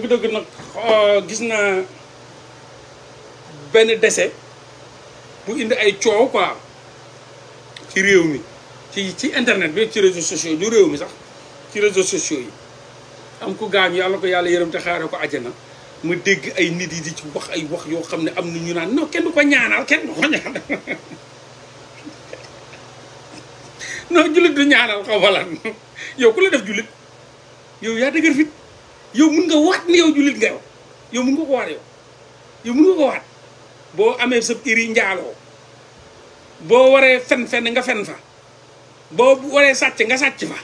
dëgg-dëgg nag ah, gis naa benn décès bu indi ay coow quoi ci réew mi ci ci internet bi ci réseaux sociaux réew mi sax ci réseau sociaux yi am ko gaañ yàlla ko yàlla yërëm te xaare ko na ma dégg ay nit yi di ci wax ay wax yoo xam ne am na ñu naan non kenn du ko ñaanal kenn du ko ñaanal non jullit du ñaanal xaw ma lan yow ku la def jullit yow yaa dëgër fit yow mun nga waat ni yow jullit nga yow yow mun nga ko waat yow yow mun nga ko waat boo amee sa iri njaaloo boo waree fen-fen nga fen fa boo waree sàcc nga sàcc fa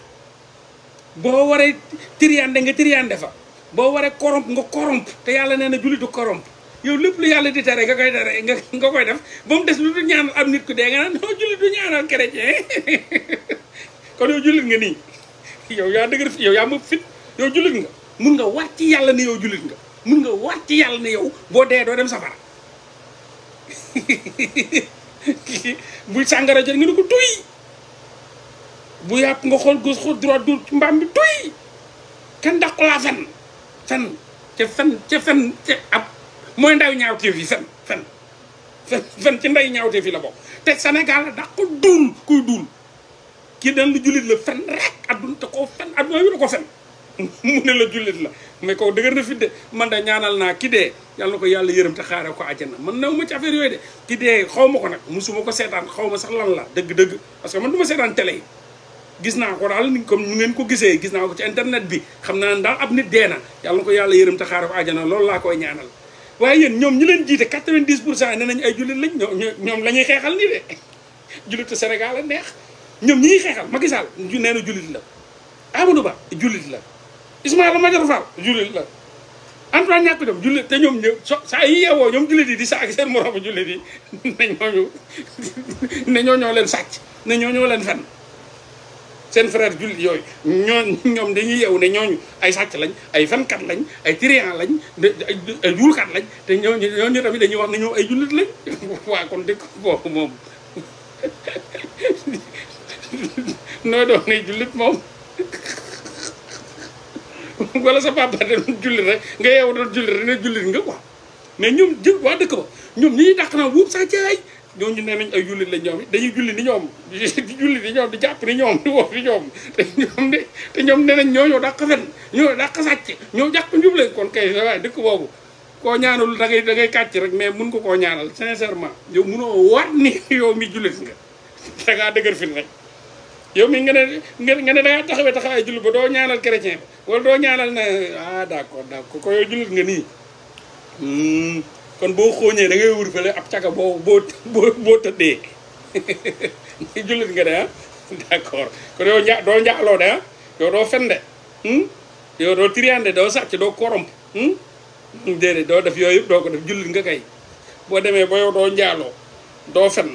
boo waree tiriyaande nga tiriyaande fa boo waree koromp nga koromp te yàlla nee na jullit du koromp yow lépp lu yàlla di tere nga koy tere nga nga koy def boo mu des lu du am nit ku dee nga naan non jullit du ñaanal chrétien kon yow jullit nga nii yow yaa dëgër yow yaa ma fit yow jullit nga mun nga waat ci yàlla ne yow jullit nga mun nga waat ci yàlla ne yow boo dee doo dem safara bu sàngara jot nga ne ko tuy bu yàpp nga xool gos xool droit du ci mbaam bi tuy kenn ci nday ñaawteef yi la bokk te Sénégal dàqu duul kuy duul kii dañ lu jullit la fen rek adduna te koo fen adduna wi la ko fen mu ne la jullit la mais kooku dëgër na fit de man de ñaanal naa ki dee yàlla ko yàlla yërëm te xaare ko àjjana man na ma ci affaire yooyu de ki dee xaw ko nag musuma ko seetaan xaw ma sax lan la dëgg-dëgg parce que man du ma seetaan télé yi gis naa ko daal comme nu ko gisee gis naa ko ci internet bi xam naa ne daal ab nit dee na yàlla na ko yàlla yërëm te xaare ko àjjana loolu laa koy ñaanal waaye yéen ñoom ñi leen jiite 90 pour cent ne nañ ay jullit lañ ñoom la ñuy xeexal nii de jullitu a neex ñoom ñi ñuy xeexal Macky Sall nee na jullit la Amadou Ba jullit la Ismaïla Madior Fall jullit la Antoine ñàkk jom jullit te ñoom ñëw saa yi yeewoo ñoom jullit yi di saag seen moroomu jullit yi ne ñooñu ne ñoo leen sàcc ne ñoo leen fen seen frère jullit yooyu ñoo ñoom dañuy yeewu ne ñooñu ay sàcc lañ ay fenkat lañ ay trian lañ ay juulkat lañ te ñooñu ñooñu tamit dañuy wax ne ñoom ay jullit lañ waa kon dëkk boobu moom noo doon ay jullit moom wala sa papa da doon jullit rek nga yeewu doon jullit rek ne jullit nga quoi mais ñoom jë waa dëkk ba ñoom ñu ñu dàq naa wuub saa ñoo ñu ne nañ ay jullit la ñoom dañuy julli ni ñoom di julli ni ñoom di jàpp ni ñoom di woof ni ñoom te ñoom de te ñoom ne nañ ñoo ñoo daq fen ñoo dàq sàcc ñoo jàpp njubleen kon kay sa waaye dëkk boobu koo ñaanul dangay ngay ngay kàcc rek mais mun nga koo ñaanal sincèrement yow munoo war ni yow mi jullit nga dangaa dëgër fin rek yow mi nga ne nga ne da ngaa taxawee taxawaay jullit ba doo ñaanal chrétien ba wala doo ñaanal na ah d'accord d'accord ko yow jullit nga nii hmm, kon boo xooñee da ngay wër fële ab caga boo boo boo tëddee jullit nga de ah d'accord kon yow nja doo njaaloo de ah yow doo fen de hmm? yow doo triande doo sàcc doo corrompre hmm? déedéet doo def yooyu yëpp doo ko def jullit nga kay boo demee ba yow doo njaaloo doo fen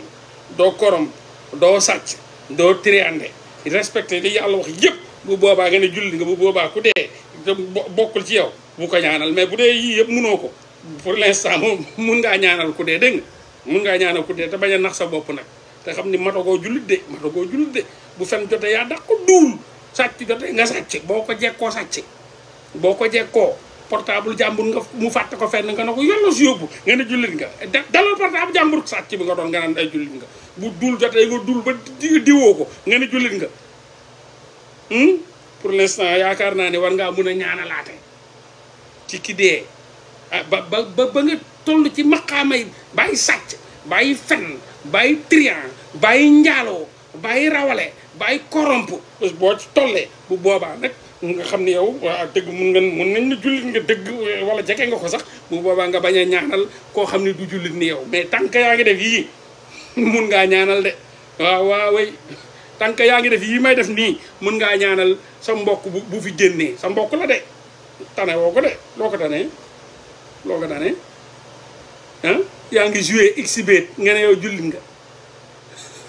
doo corrompre doo sàcc doo triande respecté li yàlla wax yëpp bu boobaa nga ne julli nga bu boobaa ku dee te bokkul ci yow bu ko ñaanal mais bu dee yii yëpp munoo ko pour l'instant moom mun ngaa ñaanal ku dee dégg nga mun ngaa ñaanal ku dee te bañ a nax sa bopp nag te xam ni matagoo jullit de matagoo jullit de bu fen jotee yaa daq ko duul sàcc jotee nga sàcc boo ko jekkoo sàcc boo ko jekkoo portable jàmbur nga mu fàtte ko fenn nga ne ko yollo si yóbbu nga ne jullit nga dalal portable jàmbur sàcc bi nga doon nga naan ay jullit nga bu dul jotee nga dul ba diwoo ko nga ne jullit nga hmm? pour l'instant yaakaar naa ni war ngaa mun a ñaanalaate ci ki dee ah, ba ba ba nga toll ci maqaamay bàyyi sàcc bàyyi fen bay trian bàyyi njaaloo bàyyi rawale bàyyi koromp boo ci tollee bu boobaa nag nga xam ni yow waaw dëgg mun nga mun nañ la jullit nga dëgg wala jege nga ko sax bu boobaa nga bañ a ñaanal koo xam ni du jullit ni yow mais tànk yaa ngi def yii mun ngaa ñaanal de waaw waaw way yaa ngi def yii may def nii mun ngaa ñaanal sa mbokk bu bu fi génnee sa mbokk la de tane woo ko de loo ko tane loo yaa ngi joué xibet nga ne yow jullit nga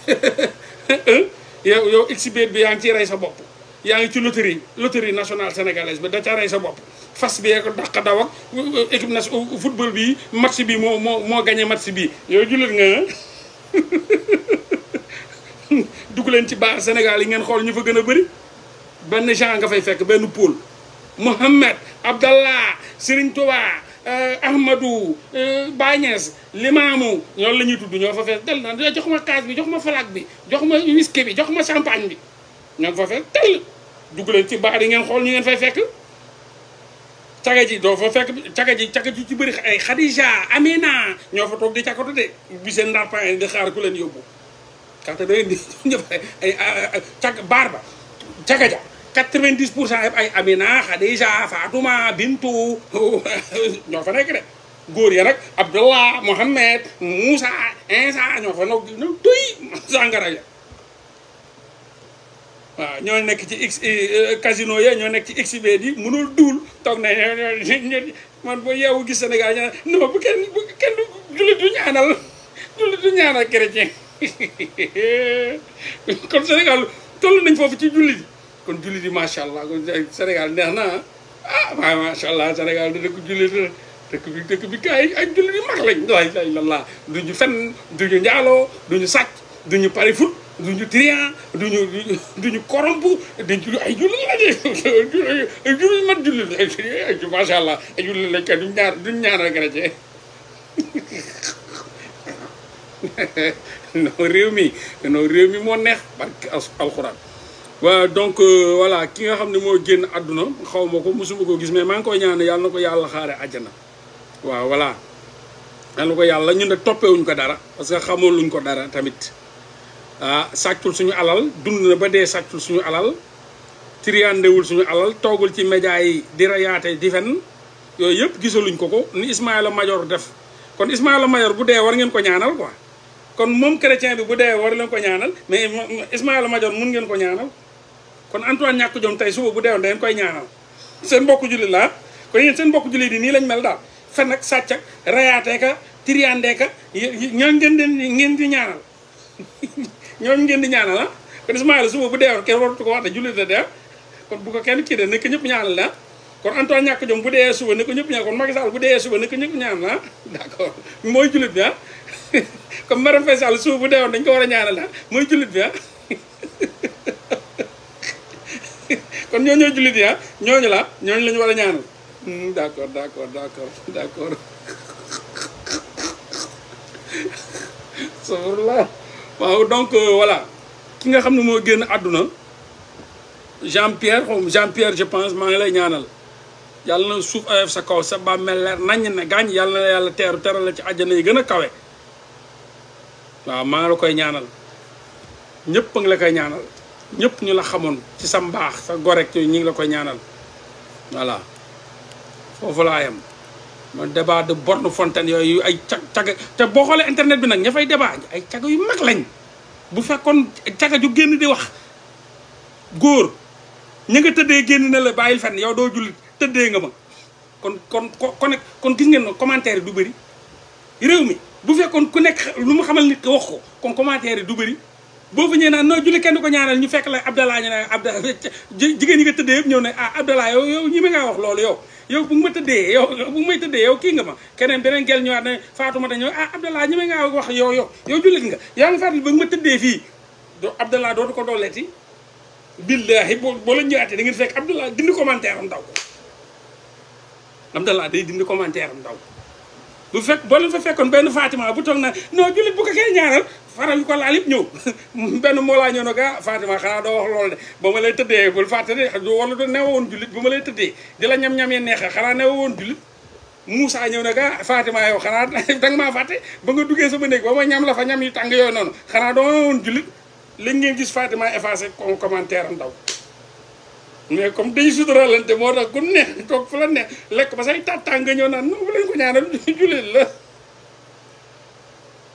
yow yow xibet bi yaa ngi ciy rey sa bopp yaa ngi ci loterie loterie national sénégalaise ba da ca sa bopp fas bi ko dàq daw ak euh, équipe nationale euh, football bi match bi moo moo moo gagné match bi yow jullit nga dugg leen ci baar Sénégal yi ngeen xool ñu fa gën a bëri benn genre nga fay fekk benn pôle Mohamed Abdallah Serigne Touba euh, Ahmadou Bañes Limaamu ñoom la ñuy tudd ñoo fa fees del naan jox ma kaas bi jox ma flag bi jox ma whisky bi jox ma champagne bi ñoo fa fees del dugg leen ci baar yi ngeen xool ñu ngeen fay fekk caga ji doo fa fekk caga ji ci bëri ay Khadija Amina ñoo fa toog di càkkatu de bi seen ndarpan yi di xaar ku leen yóbbu karte da ngeen di ñëpp pour cent yëpp ay Amina Khadija Fatuma Bintu ñoo fa nekk de góor ya nag Abdullah Mohammed Moussa Insa ñoo fa nag ñoom tuy ya waaw ñoo nekk ci x eh, eh, casino ya ñoo nekk ci xibet yi mënul duul toog na man boo yeewu gis Sénégal ñaan non bu kenn bu du ñaanal jullit du ñaanal chrétien kon Sénégal toll nañ foofu ci jullit kon jullit yi macha allah kon Sénégal neex na ah waaw allah Sénégal di dëkk jullit la dëkk bi ay jullit yu mag lañ la ilaha illallah duñu fenn duñu njaaloo duñu sàcc duñu pari foot duñu triant duñu duñu corrompu duñu ay jullit lañu ay jullit man jullit ay macha allah ay jullit lañ kat duñu ñaar duñu ñaanal chrétien non réew mi non réew mi moo neex barke alxuraan waaw donc euh, voilà ki nga xam ne moo génn àdduna xaw ma ko mosuma ko gis mais maa ngi koy ñaan yàlla na ko yàlla xaare àjjana waaw voilà yàlla na ko yàlla ñun de toppewuñ ko dara parce que xamoon luñ ko dara tamit ah sàccul suñu alal dund na ba dee sàccul suñu alal triandewul suñu alal toogul ci média yi di rayaate di fen yooyu yëpp gisaluñ ko ko ni Ismaïla Madior def kon Ismaïla Madior bu dee war ngeen ko ñaanal quoi kon moom chrétien bi bu dee war leen ko ñaanal mais Ismaïla Madior mun ngeen ko ñaanal kon Antoine ñàkk jom tey suba bu deewoon da ngeen koy ñaanal seen mbokku jullit laa kon yéen seen mbokku jullit yi nii lañ mel daal fen ak sàcc ak rayaateeka tiriyandeeka ñoo ngeen di ngeen di ñaanal ñooñu ngeen di ñaanal la ah. kon Ismaïla suba bu deewoon kenn waratu ko wax te jullit la dee ah. kon bu ko kenn kii de nekk ñëpp ñaanal la ah. kon Antoine ñàkk jom bu dee suba ne ko ñëpp ñaan kon Macky Sall bu dee suba ne ko ñëpp ñaan la d'accord mooy jullit bi ah comme Marème Faye Sall suba bu deewoon dañ ko war a ñaanal la mooy jullit bi ah kon ñoo ñoo jullit yi ah ñooñu la ñooñu la ñu war a ñaanal hmm, d'accord d'accord d'accord d'accord sourla waaw donc euh, voilà ki nga xam ne moo génn àdduna Jean Pierre xaw Jean Pierre je pense maa ngi lay ñaanal yàlla na suuf oyof sa kaw sa bàmmeel leer naññ ne gaañ yàlla na yàlla teeru teral la ci àjjana yi gën a kawe waaw maa ngi la koy ñaanal ñëpp a ngi la koy ñaanal ñëpp ñu la xamoon ci sa mbaax sa gorek ñu ngi la koy ñaanal voilà foofu laa yem débat de borne fonten yooyu ay cag caga te boo xoolee internet bi nag ña fay débat ay caga yu mag lañ bu fekkoon caga ju génn di wax góor ña nga tëddee génn na la bàyyil fenn yow doo jullit tëddee nga ma kon kon kon kon gis ngeen ne commentaire du bëri réew mi bu fekkoon ku nekk lu mu xamal nit wax ko kon commentaire yi du bëri boo fa ñëwee noo julli kenn ko ñaanal ñu fekk la Abdallah ñu jigéen ñi nga tëddee yëpp ñëw ne ah Abdallah yow yow ñi ma ngaa wax loolu yow yow bu ma tëddee yow bu may tëddee yow kii nga ma keneen beneen gel ñëwaat ne Fatoumata ñëw ah Abdallah ñi may ngaa wax yow yow yow jullit nga yaa ngi fàttali ba ma tëddee fii do Abdallah dootu ko dooleeti billahi boo boo la ñëwaatee da ngeen fekk Abdallah dindi commentaire am daw ko day dindi commentaire am daw bu fekk boo leen fa fekkoon benn Fatima bu toog na non jullit bu ko kee ñaanal faral yu ko laal yëpp ñëw benn moo laa ñëw na ah, gaa Fatima xanaa doo wax loolu de ba ma lay tëddee bul fàtte de wala du neewa woon jullit ba ma lay tëddee di la ñam-ñamee neexa xanaa neewa woon jullit Moussa ñëw na ah, gaa Fatima yow xanaa danga maa fàtte ba nga duggee sama néeg ba ma ñam la fa ñam yu tàng yooyu noonu xanaa doo woon jullit léegi ngeen gis Fatima effacé commentaire am ndaw mais comme day suturalante moo tax ku neex toog fu la neex lekk ba say tàttaa nga ñëw naan non bu ko ñaanal jullit la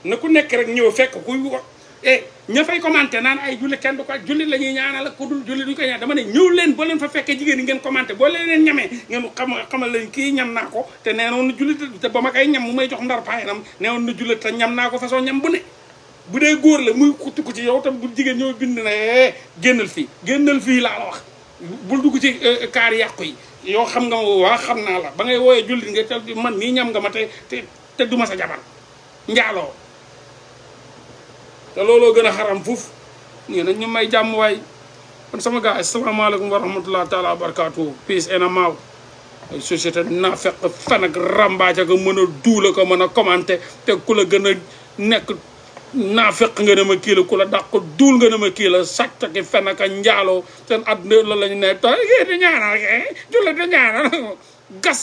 na ku nekk ñëw fekk kuy wax eh ña fay commenté naan ay jullit kenn du ko jullit la ñuy ñaanal ak ku dul jullit duñu ko dama ne ñëw leen boo leen fa fekkee jigéen yi ngeen commenté boo leen leen ñamee ngeen xam xamal lañ kii ñam naa ko te nee woon na jullit te ba ma koy ñam mu may jox ndar payanam nee woon na jullit te ñam naa ko façon ñam bu ne bu dee góor la muy xutti ko ci yow tam bu jigéen ñëw bind na eh, génnal fii génnal fii laa la wax bul dugg ci euh, euh, kaar yàqu yi yoo xam nga waa xam naa la ba ngay wooyee jullit nga te man nii ñam nga ma te te te duma sa jabar njaaloo te looloo gën a xaram fuuf ñu nañ ñu may jàmm waay kon sama gars asalaamaaleykum wa rahmatullah taala wa barakatuhu peace and amaaw ay naa fekk fan ak rambaaja ko mën a duula ko mën a commenté te ku la gën a nekk naafeq nga ne ma kii la ku la dàq duul nga ne ma kii la sàcc ki fen ak njaaloo seen àdduna la lañu ne te yéen di ñaanal jullit di ñaanal gas